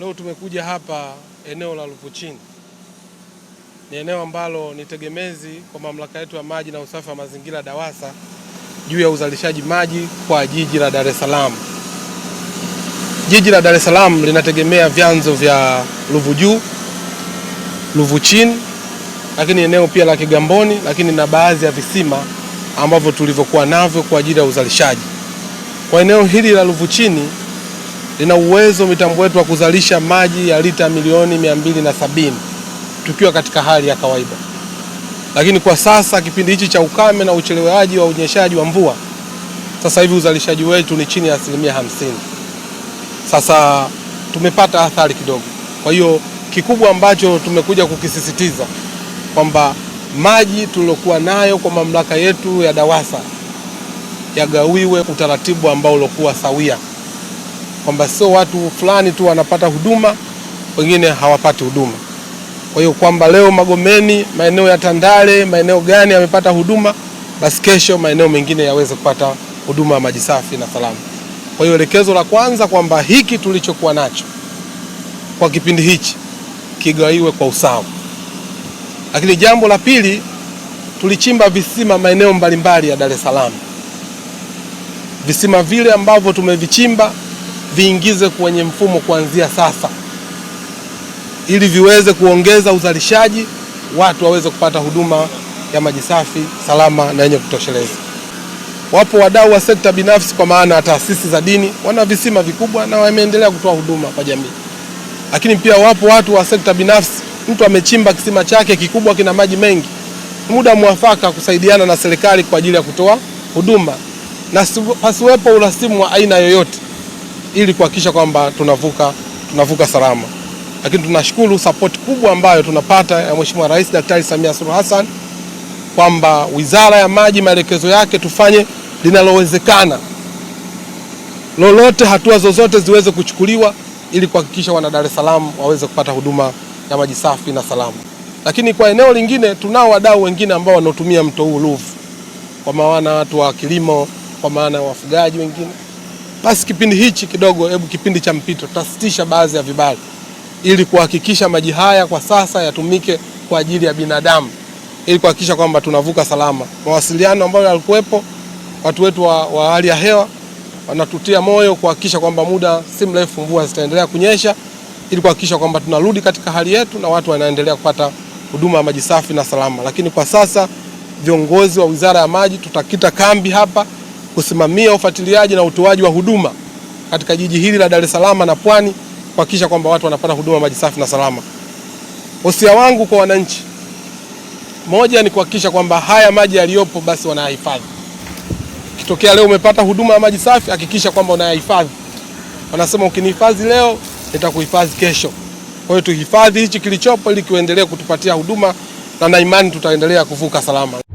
Leo tumekuja hapa eneo la Lufuchini, ni eneo ambalo ni tegemezi kwa mamlaka yetu ya maji na usafi wa mazingira DAWASA juu ya uzalishaji maji kwa jiji la Dar es Salaam. Jiji la Dar es Salaam linategemea vyanzo vya Ruvu Juu, Ruvu Chini, lakini eneo pia la Kigamboni, lakini na baadhi ya visima ambavyo tulivyokuwa navyo kwa ajili ya uzalishaji. Kwa eneo hili la Ruvu Chini lina uwezo mitambo wetu wa kuzalisha maji ya lita milioni sabini tukiwa katika hali ya kawaida, lakini kwa sasa kipindi hichi cha ukame na uchelewaji wa unyeshaji wa mvua, sasa hivi uzalishaji wetu ni chini ya asilimia hamsini. Sasa tumepata athari kidogo. Kwa hiyo kikubwa ambacho tumekuja kukisisitiza kwamba maji tuliyokuwa nayo kwa mamlaka yetu ya DAWASA yagawiwe utaratibu ambao uliokuwa sawia kwamba sio watu fulani tu wanapata huduma, wengine hawapati huduma. Kwa hiyo kwamba leo Magomeni, maeneo ya Tandale, maeneo gani yamepata huduma, basi kesho maeneo mengine yaweze kupata huduma ya maji safi na salama. Kwa hiyo elekezo la kwanza kwamba hiki tulichokuwa nacho kwa kipindi hichi kigaiwe kwa usawa. Lakini jambo la pili, tulichimba visima maeneo mbalimbali ya Dar es Salaam. Visima vile ambavyo tumevichimba viingize kwenye mfumo kuanzia sasa, ili viweze kuongeza uzalishaji, watu waweze kupata huduma ya maji safi, salama na yenye kutosheleza. Wapo wadau wa sekta binafsi kwa maana ya taasisi za dini, wana visima vikubwa na wameendelea kutoa huduma kwa jamii, lakini pia wapo watu wa sekta binafsi. Mtu amechimba kisima chake kikubwa, kina maji mengi, muda mwafaka kusaidiana na serikali kwa ajili ya kutoa huduma na pasiwepo urasimu wa aina yoyote ili kuhakikisha kwamba tunavuka, tunavuka salama. Lakini tunashukuru sapoti kubwa ambayo tunapata ya Mheshimiwa Rais Daktari Samia Suluhu Hassan kwamba Wizara ya Maji maelekezo yake tufanye linalowezekana lolote, hatua zozote ziweze kuchukuliwa ili kuhakikisha wana Dar es Salaam waweze kupata huduma ya maji safi na salama. Lakini kwa eneo lingine tunao wadau wengine ambao wanaotumia mto huu Ruvu, kwa maana watu wa kilimo, kwa maana wafugaji wengine basi kipindi hichi kidogo, hebu kipindi cha mpito, tutasitisha baadhi ya vibali ili kuhakikisha maji haya kwa sasa yatumike kwa ajili ya binadamu, ili kuhakikisha kwamba tunavuka salama. Mawasiliano ambayo yalikuwepo, watu wetu wa, wa hali ya hewa wanatutia moyo kuhakikisha kwamba muda si mrefu mvua zitaendelea kunyesha ili kuhakikisha kwamba tunarudi katika hali yetu na watu wanaendelea kupata huduma ya maji safi na salama. Lakini kwa sasa viongozi wa Wizara ya Maji tutakita kambi hapa kusimamia ufuatiliaji na utoaji wa huduma katika jiji hili la Dar es Salaam na Pwani kuhakikisha kwamba watu wanapata huduma maji safi na salama. Hosia wangu kwa wananchi, moja ni kuhakikisha kwamba haya maji yaliyopo basi wanayahifadhi. Kitokea leo umepata huduma ya maji safi, hakikisha kwamba unayahifadhi. Wanasema ukinihifadhi leo nitakuhifadhi kesho. Kwa hiyo tuhifadhi hichi kilichopo ili kiendelee kutupatia huduma na na imani tutaendelea kuvuka salama.